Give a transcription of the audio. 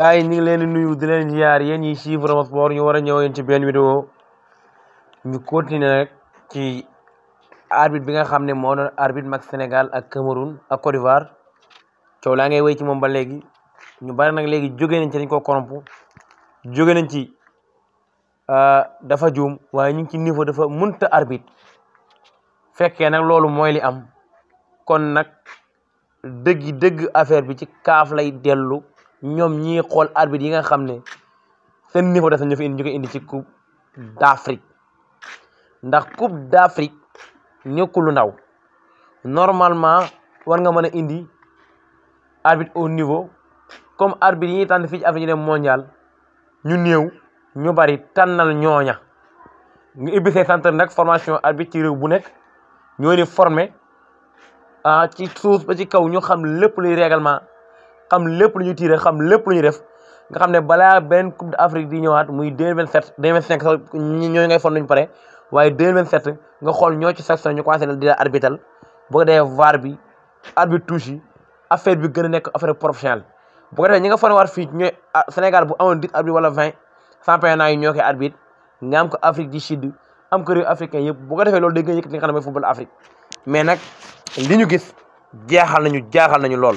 gaay ñu ngi leen di nuyu di leen ziar yéen ñi suivre Rama Sport ñu war a ñëw yéen ci benn vidéo ñu continuer rek ci arbitre bi nga xam ne moo doon arbitre mag Sénégal ak Cameroun ak Côte d'Ivoire coow laa ngay wéy ci moom ba léegi ñu bari nag léegi jóge nañ ci dañ ko koromp jóge nañ ci euh, dafa juum waaye ñu ngi ci niveau dafa munta arbitre fekkee nag loolu mooy li am kon nag dëgg dëgg affaire bi ci kaaf lay dellu ñoom ñi xool arbitre yi nga xam ne seen niveau dafa ñu fi indi ñu koy indi ci coupe d'Afrique ndax coupe d'Afrique ñëkku lu ndaw normalement war nga mën a indi arbit au niveau comme arbitre yi ñuy tànn fii ci Afrique ñu dem mondial ñu néew ñu bari tànnal ñooña nga ubbi say centre nag formation arbitre ci réew bu nekk ñoo ni formé ah ci suuf ba ci kaw ñu xam lépp luy règlement xam lépp lu ñu tiire xam lépp lu ñuy def nga xam ne balaa benn coupe d'Afrique di ñëwaat muy deux mille vingt sept deux mille vingt cinq sax ñooñu ngay fon nañu pare waaye deux vingt sept nga xool ñoo ci section ñu commencé di la arbitral boo ko defee affaire bi gën a nekk affaire professionnelle bu ko defee ñi nga fon waat fii ñooy ah, Sénégal bu amoon dix arbitre wala vingt yi ñoo koy arbitre nga am ko Afrique du Sud am ko réew africain yëpp bu ko defee loolu day gën a yëkkati nga xam ne mooy football Afrique mais nag li ñu gis jaaxal nañu jaaxal nañu lool